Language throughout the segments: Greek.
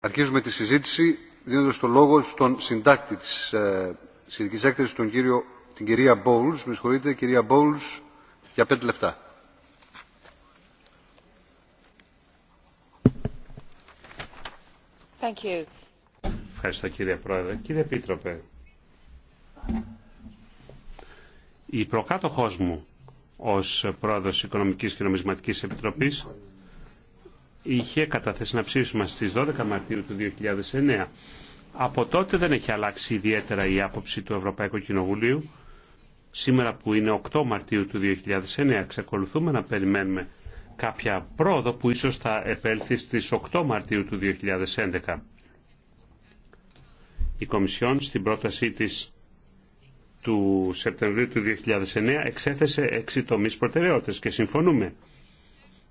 Αρχίζουμε τη συζήτηση δίνοντας το λόγο στον συντάκτη της ε, Συνδική έκθεσης, τον κύριο, την κυρία Μπόουλ. Με συγχωρείτε, κυρία Μπόουλ, για πέντε λεπτά. Thank you. Ευχαριστώ κύριε Πρόεδρε. Κύριε Επίτροπε, η προκάτοχός μου ως Πρόεδρος Οικονομικής και Νομισματικής Επιτροπής είχε καταθέσει να ψήφισμα στις 12 Μαρτίου του 2009. Από τότε δεν έχει αλλάξει ιδιαίτερα η άποψη του Ευρωπαϊκού Κοινοβουλίου. Σήμερα που είναι 8 Μαρτίου του 2009, εξακολουθούμε να περιμένουμε κάποια πρόοδο που ίσως θα επέλθει στις 8 Μαρτίου του 2011. Η Κομισιόν στην πρότασή της του Σεπτεμβρίου του 2009 εξέθεσε έξι τομείς προτεραιότητες και συμφωνούμε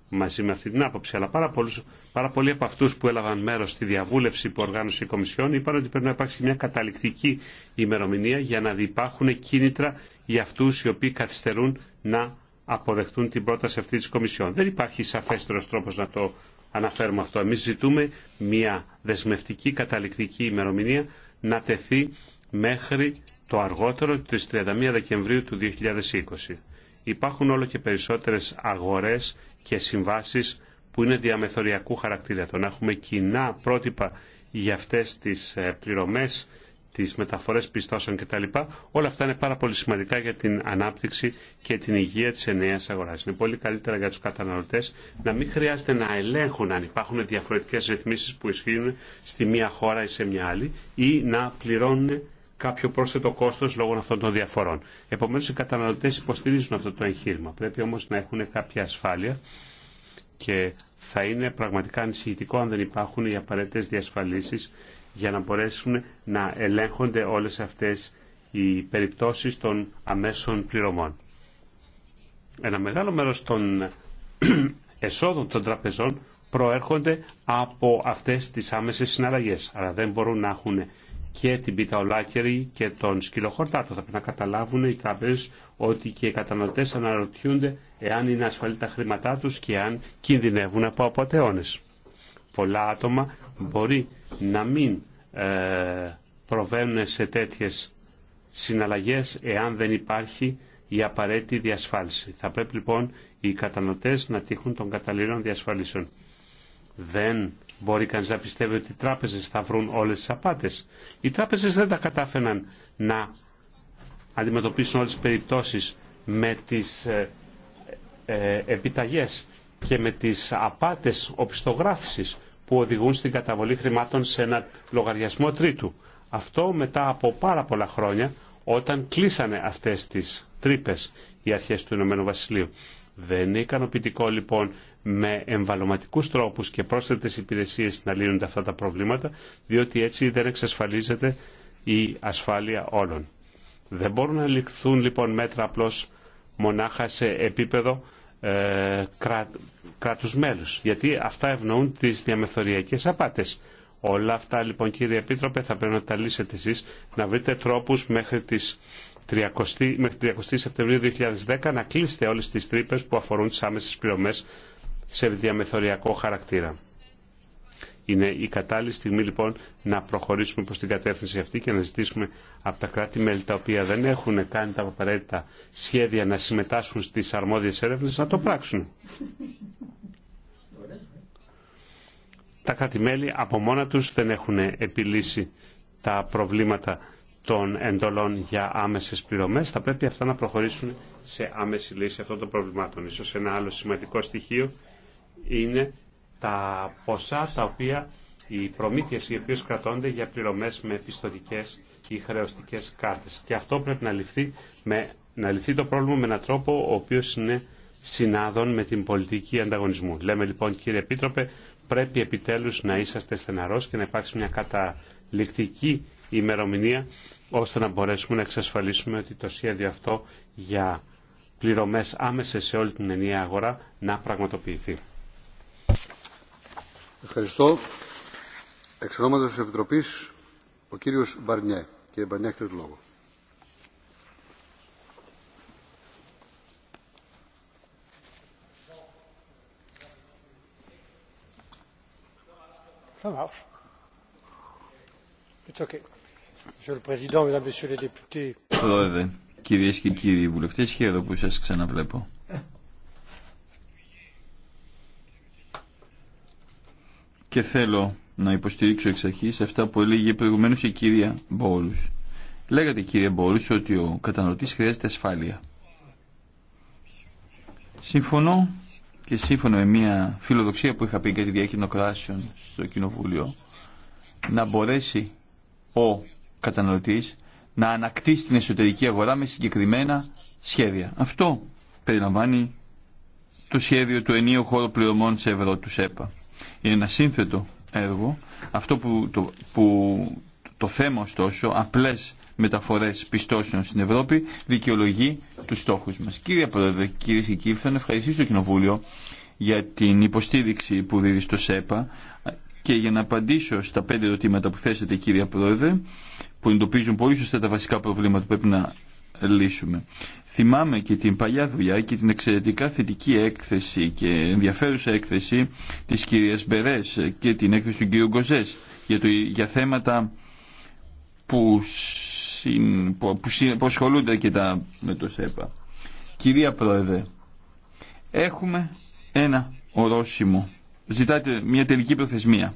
μαζί με αυτή την άποψη. Αλλά πάρα, πολλούς, πάρα πολλοί από αυτού που έλαβαν μέρο στη διαβούλευση που οργάνωσε η Κομισιόν είπαν ότι πρέπει να υπάρξει μια καταληκτική ημερομηνία για να υπάρχουν κίνητρα για αυτού οι οποίοι καθυστερούν να αποδεχτούν την πρόταση αυτή τη Κομισιόν. Δεν υπάρχει σαφέστερο τρόπο να το αναφέρουμε αυτό. Εμεί ζητούμε μια δεσμευτική καταληκτική ημερομηνία να τεθεί μέχρι το αργότερο της 31 Δεκεμβρίου του 2020. Υπάρχουν όλο και περισσότερες αγορές και συμβάσεις που είναι διαμεθοριακού χαρακτήρα. Το να έχουμε κοινά πρότυπα για αυτές τις ε, πληρωμές, τις μεταφορές πιστώσεων κτλ. Όλα αυτά είναι πάρα πολύ σημαντικά για την ανάπτυξη και την υγεία της ενέας αγοράς. Είναι πολύ καλύτερα για τους καταναλωτές να μην χρειάζεται να ελέγχουν αν υπάρχουν διαφορετικές ρυθμίσεις που ισχύουν στη μία χώρα ή σε μια άλλη ή να πληρώνουν κάποιο πρόσθετο κόστο λόγω αυτών των διαφορών. Επομένω, οι καταναλωτέ υποστηρίζουν αυτό το εγχείρημα. Πρέπει όμω να έχουν κάποια ασφάλεια και θα είναι πραγματικά ανησυχητικό αν δεν υπάρχουν οι απαραίτητε διασφαλίσεις για να μπορέσουν να ελέγχονται όλε αυτέ οι περιπτώσει των αμέσων πληρωμών. Ένα μεγάλο μέρο των εσόδων των τραπεζών προέρχονται από αυτές τις άμεσες συναλλαγές, αλλά δεν μπορούν να έχουν και την πίτα και τον σκυλοχορτάτο. Θα πρέπει να καταλάβουν οι τράπεζε ότι και οι καταναλωτέ αναρωτιούνται εάν είναι ασφαλή τα χρήματά του και αν κινδυνεύουν από αποτεώνε. Πολλά άτομα μπορεί να μην ε, προβαίνουν σε τέτοιε συναλλαγέ εάν δεν υπάρχει η απαραίτητη διασφάλιση. Θα πρέπει λοιπόν οι κατανοητέ να τύχουν των καταλληλών διασφαλίσεων. Δεν μπορεί κανείς να πιστεύει ότι οι τράπεζες θα βρουν όλες τις απάτες. Οι τράπεζες δεν τα κατάφεραν να αντιμετωπίσουν όλες τις περιπτώσεις με τις ε, ε, επιταγές και με τις απάτες οπισθογράφησης που οδηγούν στην καταβολή χρημάτων σε ένα λογαριασμό τρίτου. Αυτό μετά από πάρα πολλά χρόνια όταν κλείσανε αυτές τις τρύπε οι αρχές του Ηνωμένου Βασιλείου. Δεν είναι ικανοποιητικό λοιπόν με εμβαλωματικούς τρόπους και πρόσθετες υπηρεσίες να λύνονται αυτά τα προβλήματα, διότι έτσι δεν εξασφαλίζεται η ασφάλεια όλων. Δεν μπορούν να ληφθούν λοιπόν μέτρα απλώς μονάχα σε επίπεδο ε, κρά, κράτους μέλους, γιατί αυτά ευνοούν τις διαμεθοριακές απάτες. Όλα αυτά λοιπόν κύριε Επίτροπε θα πρέπει να τα λύσετε εσείς, να βρείτε τρόπους μέχρι τις 30, μέχρι 30 Σεπτεμβρίου 2010 να κλείσετε όλες τις τρύπες που αφορούν τις άμεσες πληρωμές σε διαμεθοριακό χαρακτήρα. Είναι η κατάλληλη στιγμή λοιπόν να προχωρήσουμε προς την κατεύθυνση αυτή και να ζητήσουμε από τα κράτη-μέλη τα οποία δεν έχουν κάνει τα απαραίτητα σχέδια να συμμετάσχουν στις αρμόδιες έρευνες να το πράξουν. Τα κράτη-μέλη από μόνα τους δεν έχουν επιλύσει τα προβλήματα των εντολών για άμεσες πληρωμές. Θα πρέπει αυτά να προχωρήσουν σε άμεση λύση αυτών των προβλημάτων. Ίσως ένα άλλο σημαντικό στοιχείο είναι τα ποσά τα οποία οι προμήθειες οι οποίες κρατώνται για πληρωμές με πιστοτικές ή χρεωστικές κάρτες. Και αυτό πρέπει να ληφθεί, με, το πρόβλημα με έναν τρόπο ο οποίος είναι συνάδων με την πολιτική ανταγωνισμού. Λέμε λοιπόν κύριε Επίτροπε, πρέπει επιτέλους να είσαστε στεναρός και να υπάρξει μια καταληκτική ημερομηνία ώστε να μπορέσουμε να εξασφαλίσουμε ότι το σχέδιο αυτό για πληρωμές άμεσα σε όλη την ενιαία αγορά να πραγματοποιηθεί. Ευχαριστώ. Εξ ονόματος της Επιτροπής, ο κύριος Μπαρνιέ. Κύριε Μπαρνιέ, έχετε το λόγο. Ça marche. κυρίες και κύριοι βουλευτές, χαίρομαι που σας ξαναβλέπω. και θέλω να υποστηρίξω εξ αρχή αυτά που έλεγε προηγουμένω η κυρία Μπόλου. Λέγατε κύριε Μπόλου, ότι ο καταναλωτή χρειάζεται ασφάλεια. Συμφωνώ και σύμφωνα με μια φιλοδοξία που είχα πει για τη κράσεων στο Κοινοβούλιο να μπορέσει ο καταναλωτής να ανακτήσει την εσωτερική αγορά με συγκεκριμένα σχέδια. Αυτό περιλαμβάνει το σχέδιο του ενίου χώρου πληρωμών σε ευρώ του ΣΕΠΑ. Είναι ένα σύνθετο έργο. Αυτό που το, που το θέμα ωστόσο, απλές μεταφορές πιστώσεων στην Ευρώπη, δικαιολογεί τους στόχους μας. Κύριε Πρόεδρε, κύριε και κύριοι, θα ευχαριστήσω το Κοινοβούλιο για την υποστήριξη που δίδει στο ΣΕΠΑ και για να απαντήσω στα πέντε ερωτήματα που θέσατε κύριε Πρόεδρε, που εντοπίζουν πολύ σωστά τα βασικά προβλήματα που πρέπει να λύσουμε. Θυμάμαι και την παλιά δουλειά και την εξαιρετικά θετική έκθεση και ενδιαφέρουσα έκθεση της κυρίας Μπερές και την έκθεση του κυρίου Γκοζές για, το, θέματα που, συν, που, ασχολούνται και τα, με το ΣΕΠΑ. Κυρία Πρόεδρε, έχουμε ένα ορόσημο. Ζητάτε μια τελική προθεσμία.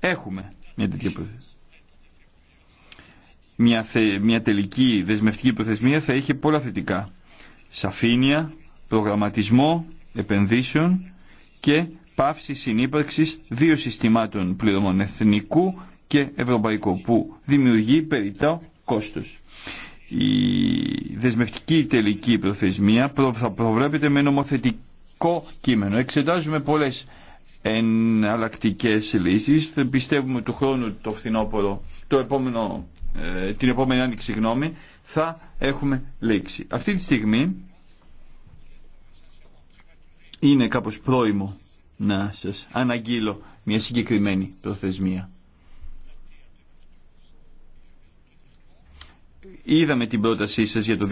Έχουμε μια τελική προθεσμία μια, θε, μια τελική δεσμευτική προθεσμία θα είχε πολλά θετικά. Σαφήνεια, προγραμματισμό επενδύσεων και πάυση συνύπαρξης δύο συστημάτων πληρωμών εθνικού και ευρωπαϊκού που δημιουργεί περιττό κόστος. Η δεσμευτική τελική προθεσμία θα προβλέπεται με νομοθετικό κείμενο. Εξετάζουμε πολλές εναλλακτικέ λύσεις. Πιστεύουμε του χρόνου το φθινόπωρο, το επόμενο ε, την επόμενη άνοιξη γνώμη θα έχουμε λήξει. Αυτή τη στιγμή είναι κάπως πρόημο να σας αναγγείλω μια συγκεκριμένη προθεσμία. Είδαμε την πρότασή σας για το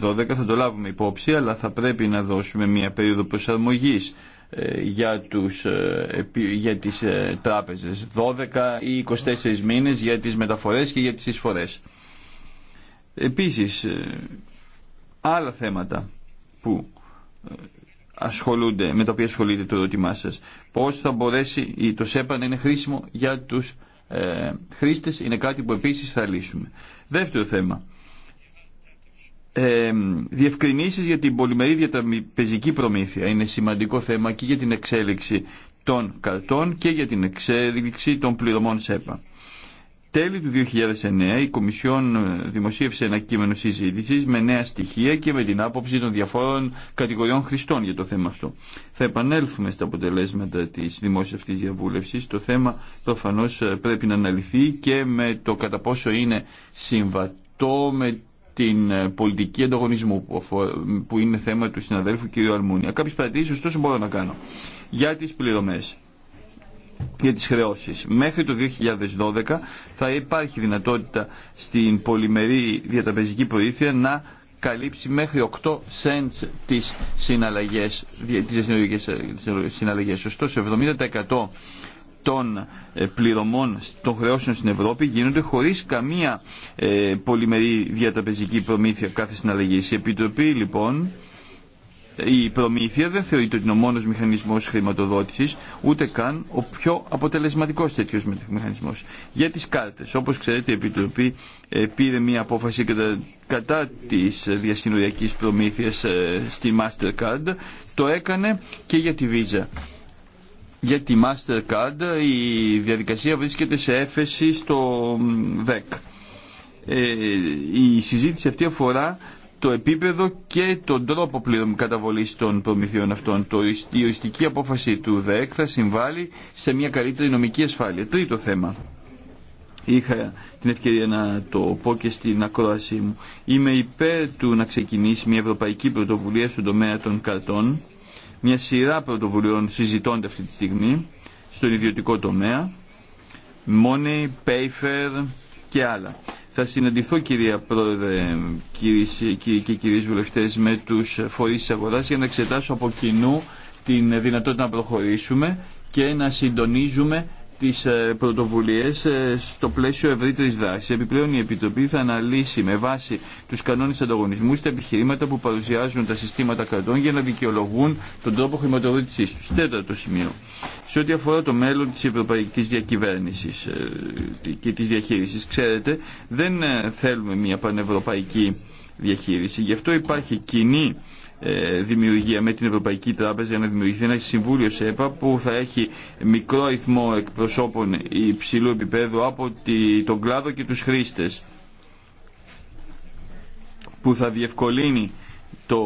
2012, θα το λάβουμε υπόψη, αλλά θα πρέπει να δώσουμε μια περίοδο προσαρμογής ε, για, τους, ε, για τις ε, τράπεζες, 12 ή 24 μήνες για τις μεταφορές και για τις εισφορές. Επίσης, άλλα θέματα που ασχολούνται, με τα οποία ασχολείται το ερώτημά σα. Πώς θα μπορέσει το ΣΕΠΑ να είναι χρήσιμο για τους χρήστες είναι κάτι που επίσης θα λύσουμε. Δεύτερο θέμα, ε, για την πολυμερή διαταμιπεζική προμήθεια. Είναι σημαντικό θέμα και για την εξέλιξη των καρτών και για την εξέλιξη των πληρωμών ΣΕΠΑ. Τέλη του 2009 η Κομισιόν ε, δημοσίευσε ένα κείμενο συζήτησης με νέα στοιχεία και με την άποψη των διαφόρων κατηγοριών χρηστών για το θέμα αυτό. Θα επανέλθουμε στα αποτελέσματα της δημόσιας αυτής διαβούλευσης. Το θέμα προφανώς ε, πρέπει να αναλυθεί και με το κατά πόσο είναι συμβατό με την ε, πολιτική ανταγωνισμού που είναι θέμα του συναδέλφου κ. Αλμούνια. Κάποιε παρατηρήσει ωστόσο μπορώ να κάνω. Για τι πληρωμέ για τις χρεώσεις. Μέχρι το 2012 θα υπάρχει δυνατότητα στην πολυμερή διαταπεζική προήθεια να καλύψει μέχρι 8 cents τις συναλλαγές, ε, τις συναλλαγές. Ωστόσο, 70% των ε, πληρωμών των χρεώσεων στην Ευρώπη γίνονται χωρίς καμία ε, πολυμερή διαταπεζική προμήθεια κάθε συναλλαγής. Η Επιτροπή λοιπόν η προμήθεια δεν θεωρείται ότι είναι ο μόνος μηχανισμός χρηματοδότησης, ούτε καν ο πιο αποτελεσματικός τέτοιος μηχανισμός. Για τις κάρτες, όπως ξέρετε η Επιτροπή ε, πήρε μια απόφαση κατά, κατά της διασυνοριακής προμήθειας στη Mastercard, το έκανε και για τη Visa. Για τη Mastercard η διαδικασία βρίσκεται σε έφεση στο ΔΕΚ. Ε, η συζήτηση αυτή αφορά το επίπεδο και τον τρόπο πλήρων καταβολή των προμηθειών αυτών. Το, η οριστική απόφαση του ΔΕΚ θα συμβάλλει σε μια καλύτερη νομική ασφάλεια. Τρίτο θέμα. Είχα την ευκαιρία να το πω και στην ακρόασή μου. Είμαι υπέρ του να ξεκινήσει μια ευρωπαϊκή πρωτοβουλία στον τομέα των καρτών μια σειρά πρωτοβουλειών συζητώνται αυτή τη στιγμή στον ιδιωτικό τομέα, Money, Payfair και άλλα. Θα συναντηθώ κυρία Πρόεδρε και κυρίες βουλευτές με τους φορείς της αγοράς για να εξετάσω από κοινού την δυνατότητα να προχωρήσουμε και να συντονίζουμε τις ε, πρωτοβουλίες ε, στο πλαίσιο ευρύτερη δράσης. Επιπλέον η Επιτροπή θα αναλύσει με βάση τους κανόνες ανταγωνισμού τα επιχειρήματα που παρουσιάζουν τα συστήματα κρατών για να δικαιολογούν τον τρόπο χρηματοδότησή τους. Τέταρτο σημείο. Σε ό,τι αφορά το μέλλον της ευρωπαϊκής διακυβέρνησης ε, και της διαχείριση, ξέρετε, δεν θέλουμε μια πανευρωπαϊκή διαχείριση. Γι' αυτό υπάρχει κοινή ε, δημιουργία με την Ευρωπαϊκή Τράπεζα για να δημιουργηθεί ένα συμβούλιο ΕΠΑ που θα έχει μικρό αριθμό εκπροσώπων υψηλού επίπεδου από τον κλάδο και τους χρήστες που θα διευκολύνει το,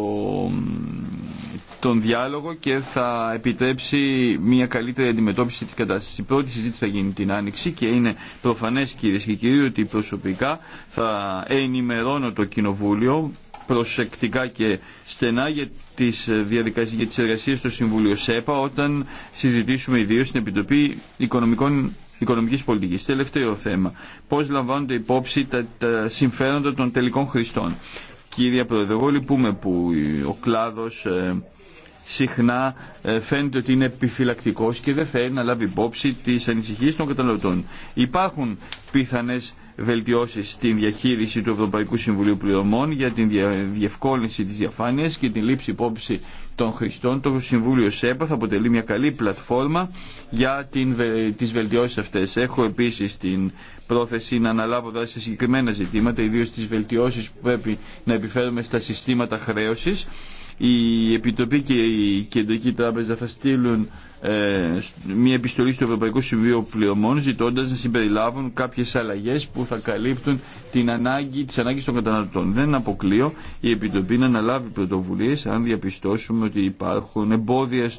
τον διάλογο και θα επιτρέψει μια καλύτερη αντιμετώπιση της κατάστασης. Η πρώτη συζήτηση θα γίνει την Άνοιξη και είναι προφανές κυρίες και κύριοι ότι προσωπικά θα ενημερώνω το Κοινοβούλιο προσεκτικά και στενά για τις, ε, διαδικασίες, για τις εργασίες στο Συμβούλιο ΣΕΠΑ όταν συζητήσουμε ιδίως στην Επιτροπή Οικονομικών Οικονομική πολιτική. Τελευταίο θέμα. Πώ λαμβάνονται υπόψη τα, συμφέροντα των τελικών χρηστών. Κύριε Πρόεδρε, εγώ λυπούμε που ο κλάδο ε, συχνά ε, φαίνεται ότι είναι επιφυλακτικό και δεν θέλει να λάβει υπόψη τι ανησυχίε των καταναλωτών. Υπάρχουν πιθανές Βελτιώσει στην διαχείριση του Ευρωπαϊκού Συμβουλίου Πληρωμών για την διευκόλυνση της διαφάνειας και την λήψη υπόψη των χρηστών. Το Συμβούλιο ΣΕΠΑ θα αποτελεί μια καλή πλατφόρμα για τι βελτιώσει βελτιώσεις αυτές. Έχω επίσης την πρόθεση να αναλάβω δράση σε συγκεκριμένα ζητήματα, ιδίω τι βελτιώσει που πρέπει να επιφέρουμε στα συστήματα χρέωση η Επιτροπή και η Κεντρική Τράπεζα θα στείλουν ε, μια επιστολή στο Ευρωπαϊκό Συμβείο Πληρωμών ζητώντας να συμπεριλάβουν κάποιες αλλαγές που θα καλύπτουν την ανάγκη, τις ανάγκες των καταναλωτών. Δεν αποκλείω η Επιτροπή να αναλάβει πρωτοβουλίες αν διαπιστώσουμε ότι υπάρχουν εμπόδια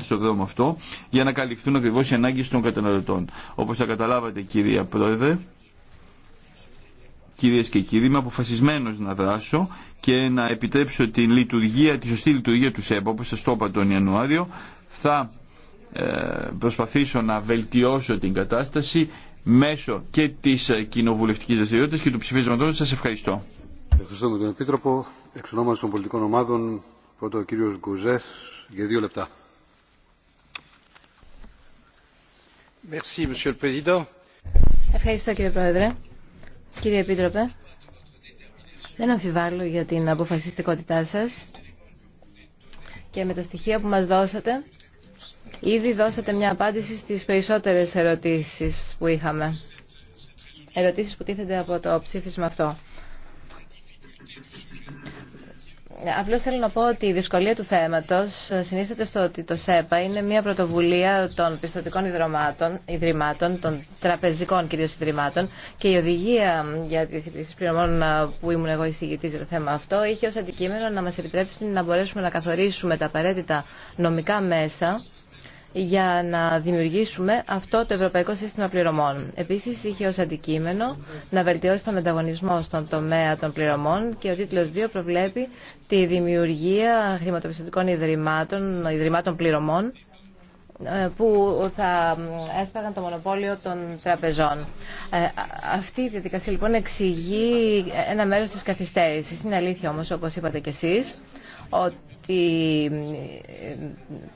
στο δρόμο αυτό για να καλυφθούν ακριβώς οι ανάγκες των καταναλωτών. Όπως θα καταλάβατε κυρία Πρόεδρε, κυρίες και κύριοι, είμαι αποφασισμένος να δράσω και να επιτρέψω την λειτουργία, τη σωστή λειτουργία του ΣΕΠ, όπως σας το είπα τον Ιανουάριο, θα ε, προσπαθήσω να βελτιώσω την κατάσταση μέσω και της ε, κοινοβουλευτικής δραστηριότητα και του ψηφίσματος. Σας ευχαριστώ. Ευχαριστούμε τον Επίτροπο. Εξ των πολιτικών ομάδων, πρώτο ο κύριος Γκουζές για δύο λεπτά. Merci, Monsieur le Président. Ευχαριστώ κύριε Πρόεδρε. Κύριε Επίτροπε, δεν αμφιβάλλω για την αποφασιστικότητά σας και με τα στοιχεία που μας δώσατε ήδη δώσατε μια απάντηση στις περισσότερες ερωτήσεις που είχαμε. Ερωτήσεις που τίθενται από το ψήφισμα αυτό. Απλώ θέλω να πω ότι η δυσκολία του θέματο ε, συνίσταται στο ότι το ΣΕΠΑ είναι μια πρωτοβουλία των πιστοτικών ιδρυμάτων, ιδρυμάτων των τραπεζικών κυρίω ιδρυμάτων και η οδηγία για τι υπηρεσίε πληρωμών ε, που ήμουν εγώ εισηγητή για το θέμα αυτό είχε ω αντικείμενο να μα επιτρέψει να μπορέσουμε να καθορίσουμε τα απαραίτητα νομικά μέσα για να δημιουργήσουμε αυτό το Ευρωπαϊκό Σύστημα Πληρωμών. Επίσης, είχε ως αντικείμενο να βελτιώσει τον ανταγωνισμό στον τομέα των πληρωμών και ο τίτλος 2 προβλέπει τη δημιουργία χρηματοπιστωτικών ιδρυμάτων, ιδρυμάτων πληρωμών ε, που θα έσπαγαν το μονοπόλιο των τραπεζών. Ε, αυτή η διαδικασία λοιπόν εξηγεί ένα μέρος της καθυστέρησης. Είναι αλήθεια όμως, όπως είπατε κι εσείς,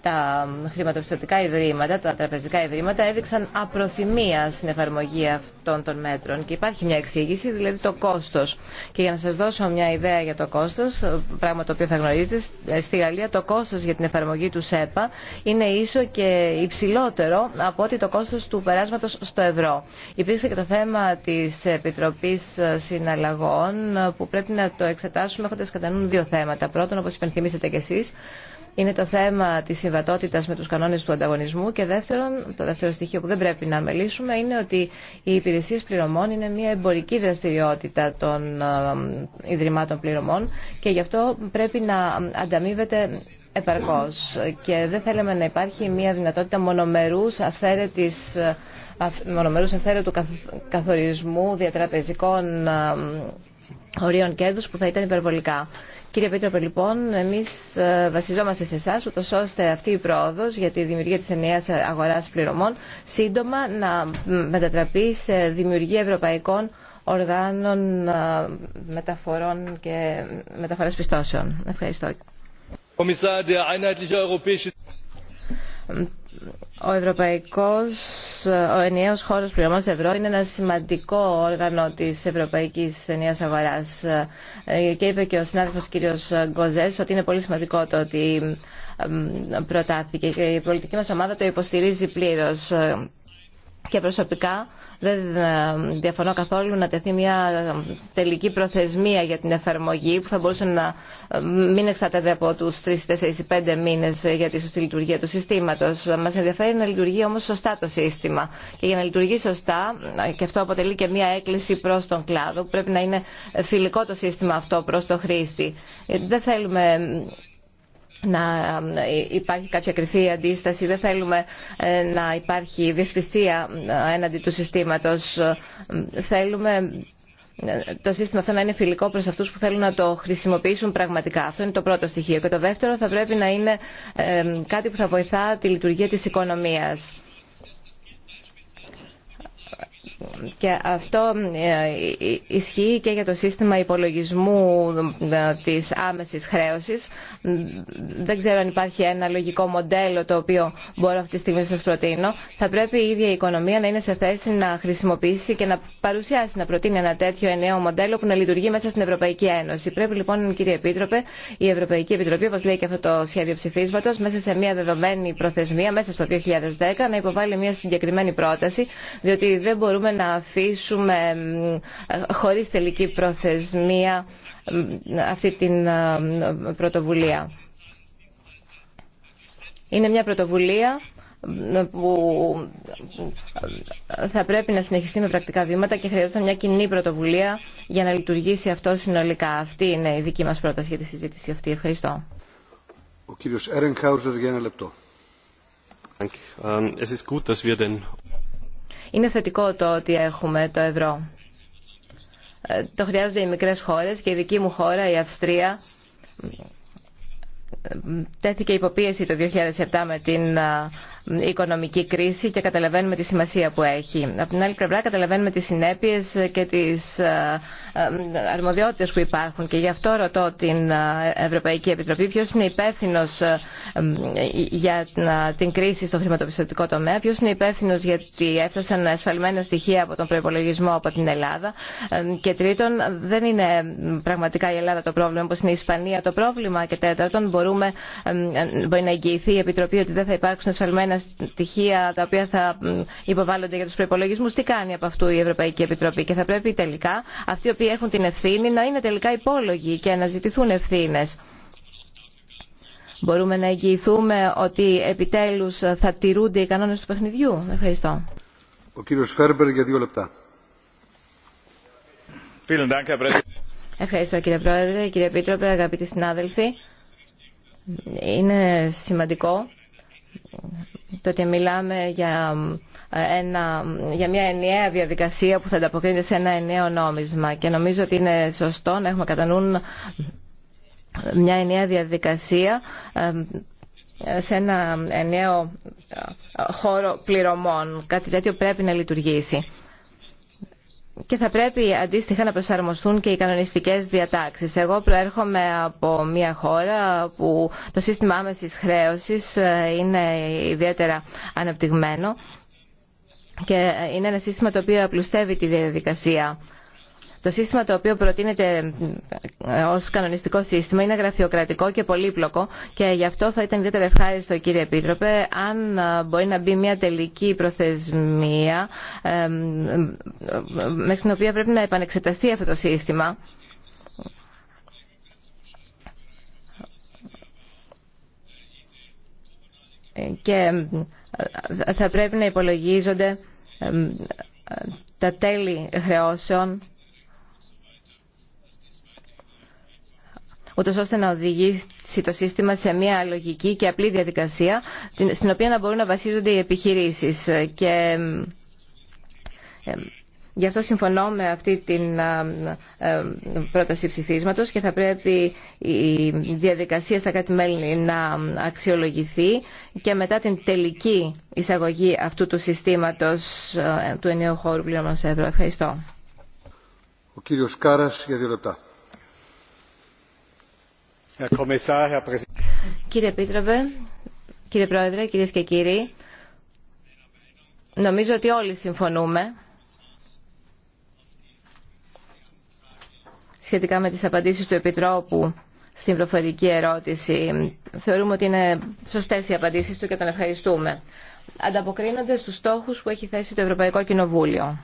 τα χρηματοπιστωτικά ιδρύματα, τα τραπεζικά ιδρύματα έδειξαν απροθυμία στην εφαρμογή αυτών των μέτρων και υπάρχει μια εξήγηση, δηλαδή το κόστος. Και για να σας δώσω μια ιδέα για το κόστος, πράγμα το οποίο θα γνωρίζετε, στη Γαλλία το κόστος για την εφαρμογή του ΣΕΠΑ είναι ίσο και υψηλότερο από ότι το κόστος του περάσματος στο ευρώ. Υπήρξε και το θέμα της Επιτροπής Συναλλαγών που πρέπει να το εξετάσουμε έχοντας κατά δύο θέματα. Πρώτον, όπως υπενθυμίσετε και είναι το θέμα της συμβατότητας με τους κανόνες του ανταγωνισμού και δεύτερον, το δεύτερο στοιχείο που δεν πρέπει να μελήσουμε είναι ότι οι υπηρεσίες πληρωμών είναι μια εμπορική δραστηριότητα των Ιδρυμάτων Πληρωμών και γι' αυτό πρέπει να ανταμείβεται επαρκώς και δεν θέλαμε να υπάρχει μια δυνατότητα μονομερούς αφαίρετης μονομερούς καθορισμού διατραπεζικών ορίων κέρδους που θα ήταν υπερβολικά. Κύριε Πέτροπε, λοιπόν, εμεί ε, βασιζόμαστε σε εσά, ούτω ώστε αυτή η πρόοδο για τη δημιουργία τη ενιαία αγορά πληρωμών σύντομα να μετατραπεί σε δημιουργία ευρωπαϊκών οργάνων ε, μεταφορών και μεταφορά πιστώσεων. Ευχαριστώ ο Ευρωπαϊκός, ο ενιαίος χώρος πληρωμών ευρώ είναι ένα σημαντικό όργανο της Ευρωπαϊκής Ενιαίας Αγοράς. Και είπε και ο συνάδελφος κύριος Γκοζές ότι είναι πολύ σημαντικό το ότι προτάθηκε και η πολιτική μας ομάδα το υποστηρίζει πλήρως και προσωπικά δεν ε, διαφωνώ καθόλου να τεθεί μια ε, τελική προθεσμία για την εφαρμογή που θα μπορούσε να ε, μην εξαρτάται από του 3, 4 ή 5 μήνε για τη σωστή λειτουργία του συστήματο. Μα ενδιαφέρει να λειτουργεί όμω σωστά το σύστημα. Και για να λειτουργεί σωστά, και αυτό αποτελεί και μια έκκληση προ τον κλάδο, πρέπει να είναι φιλικό το σύστημα αυτό προ το χρήστη. Δεν θέλουμε να υπάρχει κάποια κρυφή αντίσταση. Δεν θέλουμε ε, να υπάρχει δυσπιστία ε, έναντι του συστήματος. Θέλουμε ε, το σύστημα αυτό να είναι φιλικό προς αυτούς που θέλουν να το χρησιμοποιήσουν πραγματικά. Αυτό είναι το πρώτο στοιχείο. Και το δεύτερο θα πρέπει να είναι κάτι που θα βοηθά τη λειτουργία της οικονομίας. Και αυτό ε, ισχύει και για το σύστημα υπολογισμού ε, της άμεσης χρέωσης. Δεν ξέρω αν υπάρχει ένα λογικό μοντέλο το οποίο μπορώ αυτή τη στιγμή να σας προτείνω. Θα πρέπει η ίδια η οικονομία να είναι σε θέση να χρησιμοποιήσει και να παρουσιάσει, να προτείνει ένα τέτοιο νέο μοντέλο που να λειτουργεί μέσα στην Ευρωπαϊκή Ένωση. Πρέπει λοιπόν, κύριε Επίτροπε, η Ευρωπαϊκή Επιτροπή, όπως λέει και αυτό το σχέδιο ψηφίσματος, μέσα σε μια δεδομένη προθεσμία, μέσα στο 2010, να υποβάλει μια συγκεκριμένη πρόταση, διότι δεν μπορούμε μπορούμε να αφήσουμε ε, χωρίς τελική προθεσμία αυτή την ε, πρωτοβουλία. Είναι μια πρωτοβουλία που ε, θα πρέπει να συνεχιστεί με πρακτικά βήματα και χρειάζεται μια κοινή πρωτοβουλία για να λειτουργήσει αυτό συνολικά. Αυτή είναι η δική μας πρόταση για τη συζήτηση αυτή. Ευχαριστώ. Ο κύριος για ένα λεπτό. Ähm, είναι θετικό το ότι έχουμε το ευρώ. Ε, το χρειάζονται οι μικρές χώρες και η δική μου χώρα, η Αυστρία, ε, τέθηκε υποπίεση το 2007 με την ε, οικονομική κρίση και καταλαβαίνουμε τη σημασία που έχει. Από την άλλη πλευρά καταλαβαίνουμε τις συνέπειες και τις ε, ε, αρμοδιότητες που υπάρχουν και γι' αυτό ρωτώ την ε, Ευρωπαϊκή Επιτροπή ποιος είναι υπεύθυνο για την κρίση στο χρηματοπιστωτικό τομέα, ποιος είναι υπεύθυνο γιατί έφτασαν ασφαλμένα στοιχεία από τον προπολογισμό από την Ελλάδα και τρίτον δεν είναι πραγματικά η Ελλάδα το πρόβλημα όπως είναι η Ισπανία το πρόβλημα και τέταρτον μπορούμε, μπορεί να εγγυηθεί η Επιτροπή ότι δεν θα υπάρξουν ασφαλμένα συγκεκριμένα στοιχεία τα οποία θα υποβάλλονται για του προπολογισμού, τι κάνει από αυτού η Ευρωπαϊκή Επιτροπή. Και θα πρέπει τελικά αυτοί οι οποίοι έχουν την ευθύνη να είναι τελικά υπόλογοι και να ζητηθούν ευθύνε. Μπορούμε να εγγυηθούμε ότι επιτέλους θα τηρούνται οι κανόνες του παιχνιδιού. Ευχαριστώ. Ο κύριος Φέρμπερ για δύο λεπτά. Ευχαριστώ κύριε Πρόεδρε, κύριε Επίτροπε, αγαπητοί συνάδελφοι. Είναι σημαντικό το ότι μιλάμε για, ε, ένα, για μια ενιαία διαδικασία που θα ανταποκρίνεται σε ένα ενιαίο νόμισμα και νομίζω ότι είναι σωστό να έχουμε κατά νου μια ενιαία διαδικασία ε, σε ένα ενιαίο ε, χώρο πληρωμών. Κάτι τέτοιο πρέπει να λειτουργήσει και θα πρέπει αντίστοιχα να προσαρμοστούν και οι κανονιστικές διατάξεις. Εγώ προέρχομαι από μια χώρα που το σύστημα άμεσης χρέωσης ε, είναι ιδιαίτερα αναπτυγμένο και ε, είναι ένα σύστημα το οποίο απλουστεύει τη διαδικασία το σύστημα το οποίο προτείνεται ε, ω κανονιστικό σύστημα είναι γραφειοκρατικό και πολύπλοκο και γι' αυτό θα ήταν ιδιαίτερα ευχάριστο κύριε Επίτροπε αν ε, μπορεί να μπει μια τελική προθεσμία ε, μέσα στην οποία πρέπει να επανεξεταστεί αυτό το σύστημα και θα πρέπει να υπολογίζονται τα τέλη χρεώσεων ούτω ώστε να οδηγήσει το σύστημα σε μια λογική και απλή διαδικασία στην οποία να μπορούν να βασίζονται οι επιχειρήσει. Και Γι' αυτό συμφωνώ με αυτή την πρόταση ψηφίσματος και θα πρέπει η διαδικασία στα κατι μελη να αξιολογηθεί και μετά την τελική εισαγωγή αυτού του συστήματος ε, του ενιαίου χώρου σε ευρώ. Ευχαριστώ. Ο κύριος Κάρας για δύο λεπτά. Κύριε Επίτροπε, κύριε Πρόεδρε, κυρίες και κύριοι, νομίζω ότι όλοι συμφωνούμε σχετικά με τις απαντήσεις του Επιτρόπου στην προφορική ερώτηση. Θεωρούμε ότι είναι σωστές οι απαντήσεις του και τον ευχαριστούμε. Ανταποκρίνονται στους στόχους που έχει θέσει το Ευρωπαϊκό Κοινοβούλιο.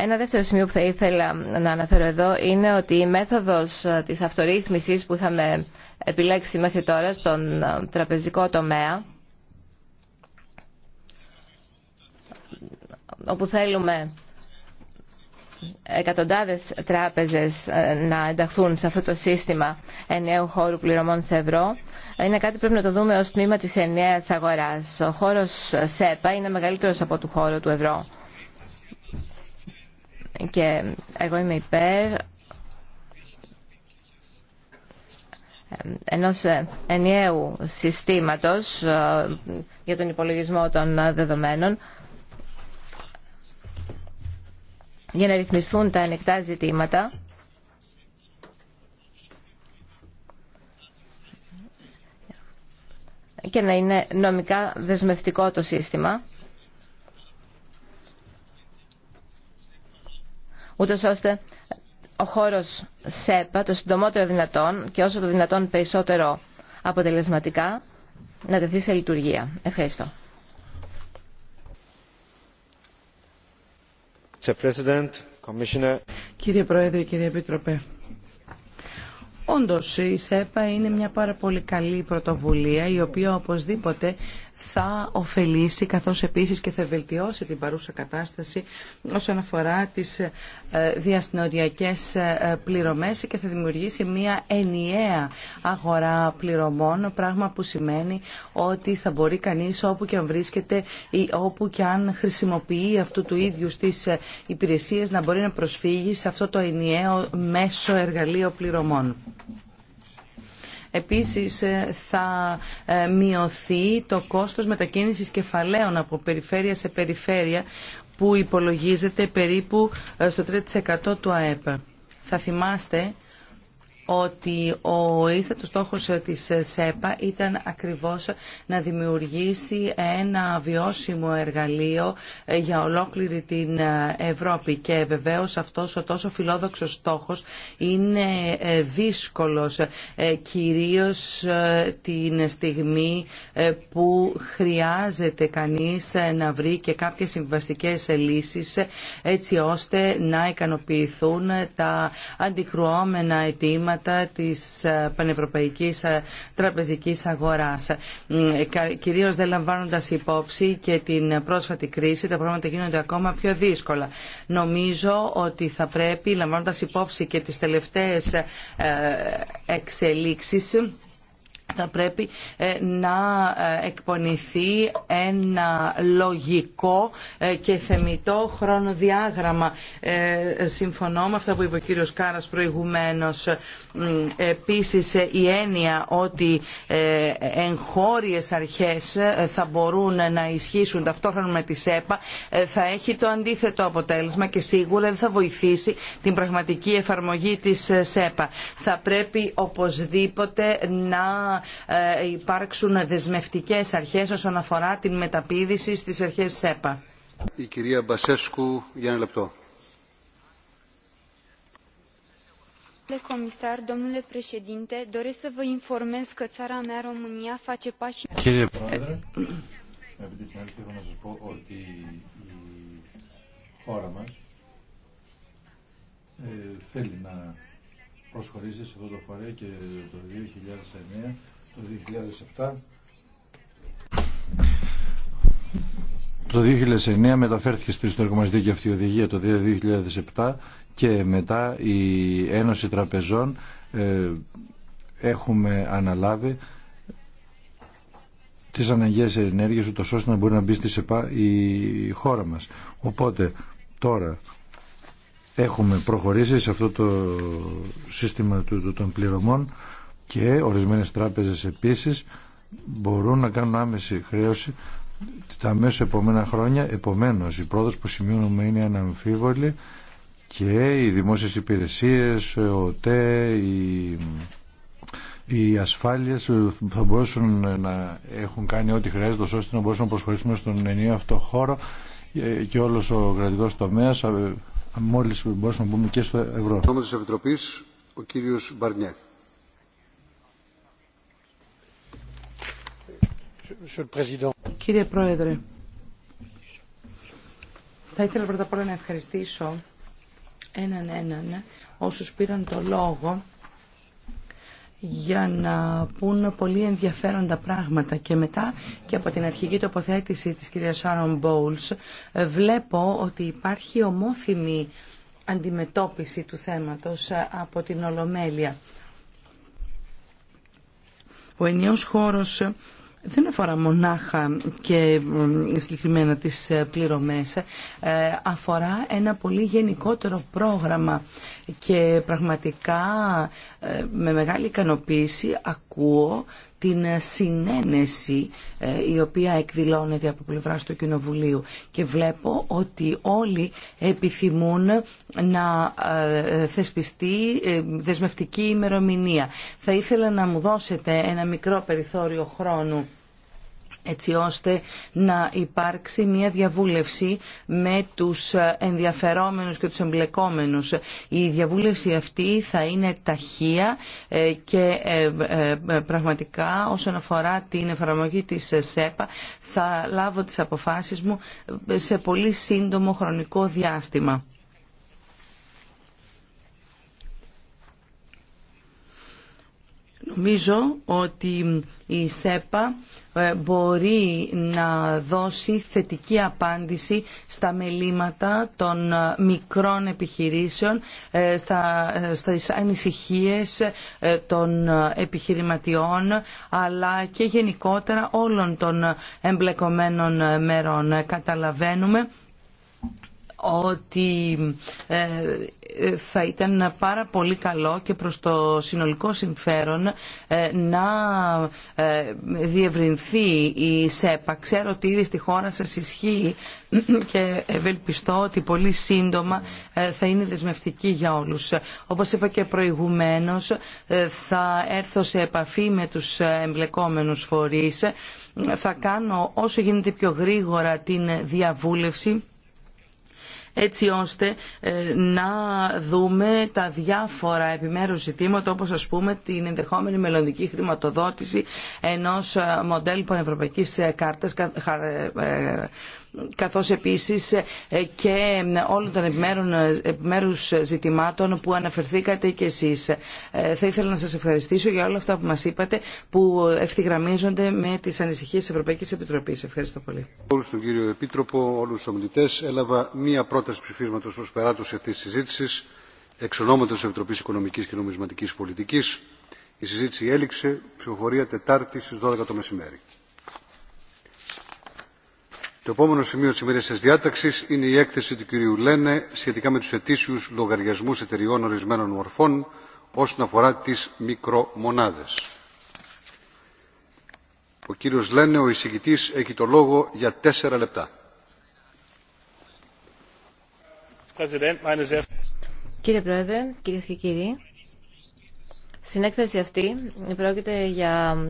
Ένα δεύτερο σημείο που θα ήθελα να αναφέρω εδώ είναι ότι η μέθοδος ε, της αυτορύθμισης που είχαμε επιλέξει μέχρι τώρα στον ε, τραπεζικό τομέα όπου θέλουμε εκατοντάδες τράπεζες ε, να ενταχθούν σε αυτό το σύστημα ενιαίου χώρου πληρωμών σε ευρώ είναι κάτι που πρέπει να το δούμε ως τμήμα της ενιαίας αγοράς. Ο χώρος ΣΕΠΑ είναι μεγαλύτερος από το χώρο του ευρώ και εγώ είμαι υπέρ ενός ενιαίου συστήματος ε, για τον υπολογισμό των δεδομένων για να ρυθμιστούν τα ανοιχτά ζητήματα και να είναι νομικά δεσμευτικό το σύστημα. ούτως ώστε ο χώρο ΣΕΠΑ το συντομότερο δυνατόν και όσο το δυνατόν περισσότερο αποτελεσματικά να τεθεί σε λειτουργία. Ευχαριστώ. Κύριε Πρόεδρε, κύριε Επίτροπε, όντως η ΣΕΠΑ είναι μια πάρα πολύ καλή πρωτοβουλία η οποία οπωσδήποτε θα ωφελήσει καθώς επίσης και θα βελτιώσει την παρούσα κατάσταση όσον αφορά τις ε, διασυνοριακές ε, πληρωμές και θα δημιουργήσει μια ενιαία αγορά πληρωμών πράγμα που σημαίνει ότι θα μπορεί κανείς όπου και αν βρίσκεται ή όπου και αν χρησιμοποιεί αυτού του ίδιου στις ε, υπηρεσίες να μπορεί να προσφύγει σε αυτό το ενιαίο μέσο εργαλείο πληρωμών. Επίσης ε, θα ε, μειωθεί το κόστος μετακίνησης κεφαλαίων από περιφέρεια σε περιφέρεια που υπολογίζεται περίπου ε, στο 3% του ΑΕΠ. Θα θυμάστε ότι ο ίστατος στόχος της ΣΕΠΑ ήταν ακριβώς να δημιουργήσει ένα βιώσιμο εργαλείο ε, για ολόκληρη την ε, Ευρώπη και βεβαίως αυτός ο τόσο φιλόδοξος στόχος είναι ε, δύσκολος κυρίως την στιγμή που χρειάζεται κανείς να βρει και κάποιες συμβαστικέ λύσεις έτσι ώστε να ικανοποιηθούν τα αντικρουόμενα αιτήματα Τη της ε, πανευρωπαϊκής ε, τραπεζικής αγοράς. Ε, κυρίως δεν λαμβάνοντας υπόψη και την πρόσφατη κρίση, τα πράγματα γίνονται ακόμα πιο δύσκολα. Νομίζω ότι θα πρέπει, λαμβάνοντας υπόψη και τις τελευταίες εξελίξεις, θα πρέπει ε, να ε, εκπονηθεί ένα λογικό ε, και θεμητό χρονοδιάγραμμα. Συμφωνώ με αυτά που είπε ο κύριος Κάρας προηγουμένως. Επίσης η έννοια ότι εγχώριες αρχές θα μπορούν να ισχύσουν ταυτόχρονα με τη ΣΕΠΑ θα έχει το αντίθετο αποτέλεσμα και σίγουρα δεν θα βοηθήσει την πραγματική εφαρμογή της ΣΕΠΑ. Θα πρέπει οπωσδήποτε να να ε, υπάρξουν δεσμευτικές αρχές όσον αφορά την μεταπίδηση στις αρχές ΣΕΠΑ. Η κυρία Μπασέσκου για ένα λεπτό. Κύριε eh, Πρόεδρε, αγαπητοί συνάδελφοι, θέλω να σας πω ότι η χώρα μας ε, θέλει να προσχωρήσει σε αυτό το φορέα και το 2009, το 2007. Το 2009 μεταφέρθηκε στην ιστορικομαστική και αυτή το 2007 και μετά η Ένωση Τραπεζών ε, έχουμε αναλάβει τις αναγκαίες ενέργειες ούτως ώστε να μπορεί να μπει στη ΣΕΠΑ η χώρα μας. Οπότε τώρα έχουμε προχωρήσει σε αυτό το σύστημα του, των πληρωμών και ορισμένες τράπεζες επίσης μπορούν να κάνουν άμεση χρέωση τα μέσα επόμενα χρόνια. Επομένως, η πρόοδος που σημειώνουμε είναι αναμφίβολη και οι δημόσιες υπηρεσίες, ο ΤΕ, οι, οι ασφάλειες θα μπορούσαν να έχουν κάνει ό,τι χρειάζεται ώστε να μπορούσαν να προσχωρήσουμε στον ενίο αυτό χώρο και όλος ο κρατικός τομέας μόλις μπορούμε να μπούμε και στο ευρώ. Νόμος της Επιτροπής, ο κύριος Μπαρνιέ. Κύριε Πρόεδρε, θα ήθελα πρώτα απ' όλα να ευχαριστήσω έναν έναν όσους πήραν το λόγο για να πούν πολύ ενδιαφέροντα πράγματα και μετά και από την αρχική τοποθέτηση της κυρίας Σάρον Μπόουλς βλέπω ότι υπάρχει ομόθυμη αντιμετώπιση του θέματος ε, από την Ολομέλεια. Ο ενιαίος χώρος δεν αφορά μονάχα και συγκεκριμένα τις ε, πληρωμές, ε, αφορά ένα πολύ γενικότερο πρόγραμμα και πραγματικά ε, με μεγάλη ικανοποίηση ακούω την συνένεση η οποία εκδηλώνεται από πλευρά του Κοινοβουλίου και βλέπω ότι όλοι επιθυμούν να θεσπιστεί δεσμευτική ημερομηνία. Θα ήθελα να μου δώσετε ένα μικρό περιθώριο χρόνου έτσι ώστε να υπάρξει μια διαβούλευση με τους ενδιαφερόμενους και τους εμπλεκόμενους. Η διαβούλευση αυτή θα είναι ταχεία ε, και ε, ε, πραγματικά όσον αφορά την εφαρμογή της ΣΕΠΑ θα λάβω τις αποφάσεις μου σε πολύ σύντομο χρονικό διάστημα. Νομίζω ότι η ΣΕΠΑ ε, μπορεί να δώσει θετική απάντηση στα μελήματα των ε, μικρών επιχειρήσεων, ε, στα, στις των επιχειρηματιών, αλλά και γενικότερα όλων των εμπλεκομένων μέρων. Καταλαβαίνουμε ότι ε, θα ήταν πάρα πολύ καλό και προς το συνολικό συμφέρον ε, να ε, διευρυνθεί η ΣΕΠΑ. Ξέρω ότι ήδη στη χώρα σας ισχύει και ευελπιστώ ότι πολύ σύντομα θα είναι δεσμευτική για όλους. Όπως είπα και προηγουμένως, θα έρθω σε επαφή με τους εμπλεκόμενους φορείς. Θα κάνω όσο γίνεται πιο γρήγορα την διαβούλευση έτσι ώστε ε, να δούμε τα διάφορα επιμέρους ζητήματα όπως ας πούμε την ενδεχόμενη μελλοντική χρηματοδότηση ενός ε, μοντέλου πανευρωπαϊκής ε, κάρτας καθώς επίσης ε, και ε, όλων των ε, επιμέρους ζητημάτων που αναφερθήκατε και εσείς. Θα ήθελα να σας ευχαριστήσω για όλα αυτά που μας είπατε που ευθυγραμμίζονται με τις ανησυχίες της Ευρωπαϊκής Επιτροπής. Ευχαριστώ πολύ. Όλους τον κύριο Επίτροπο, όλους τους ομιλητές, έλαβα μία πρόταση ψηφίσματος ως περάτωση αυτής της συζήτησης εξ ονόματος Επιτροπής Οικονομικής και Νομισματικής Πολιτικής. Η συζήτηση έληξε, ψηφοφορία Τετάρτη στις 12 το μεσημέρι. Το επόμενο σημείο της της διάταξης είναι η έκθεση του κυρίου Λένε σχετικά με τους ετήσιους λογαριασμούς εταιριών ορισμένων μορφών όσον αφορά τις μικρομονάδες. Ο κύριος Λένε, ο εισηγητής, έχει το λόγο για τέσσερα λεπτά. Κύριε Πρόεδρε, κυρίες και κύριοι, στην έκθεση αυτή πρόκειται για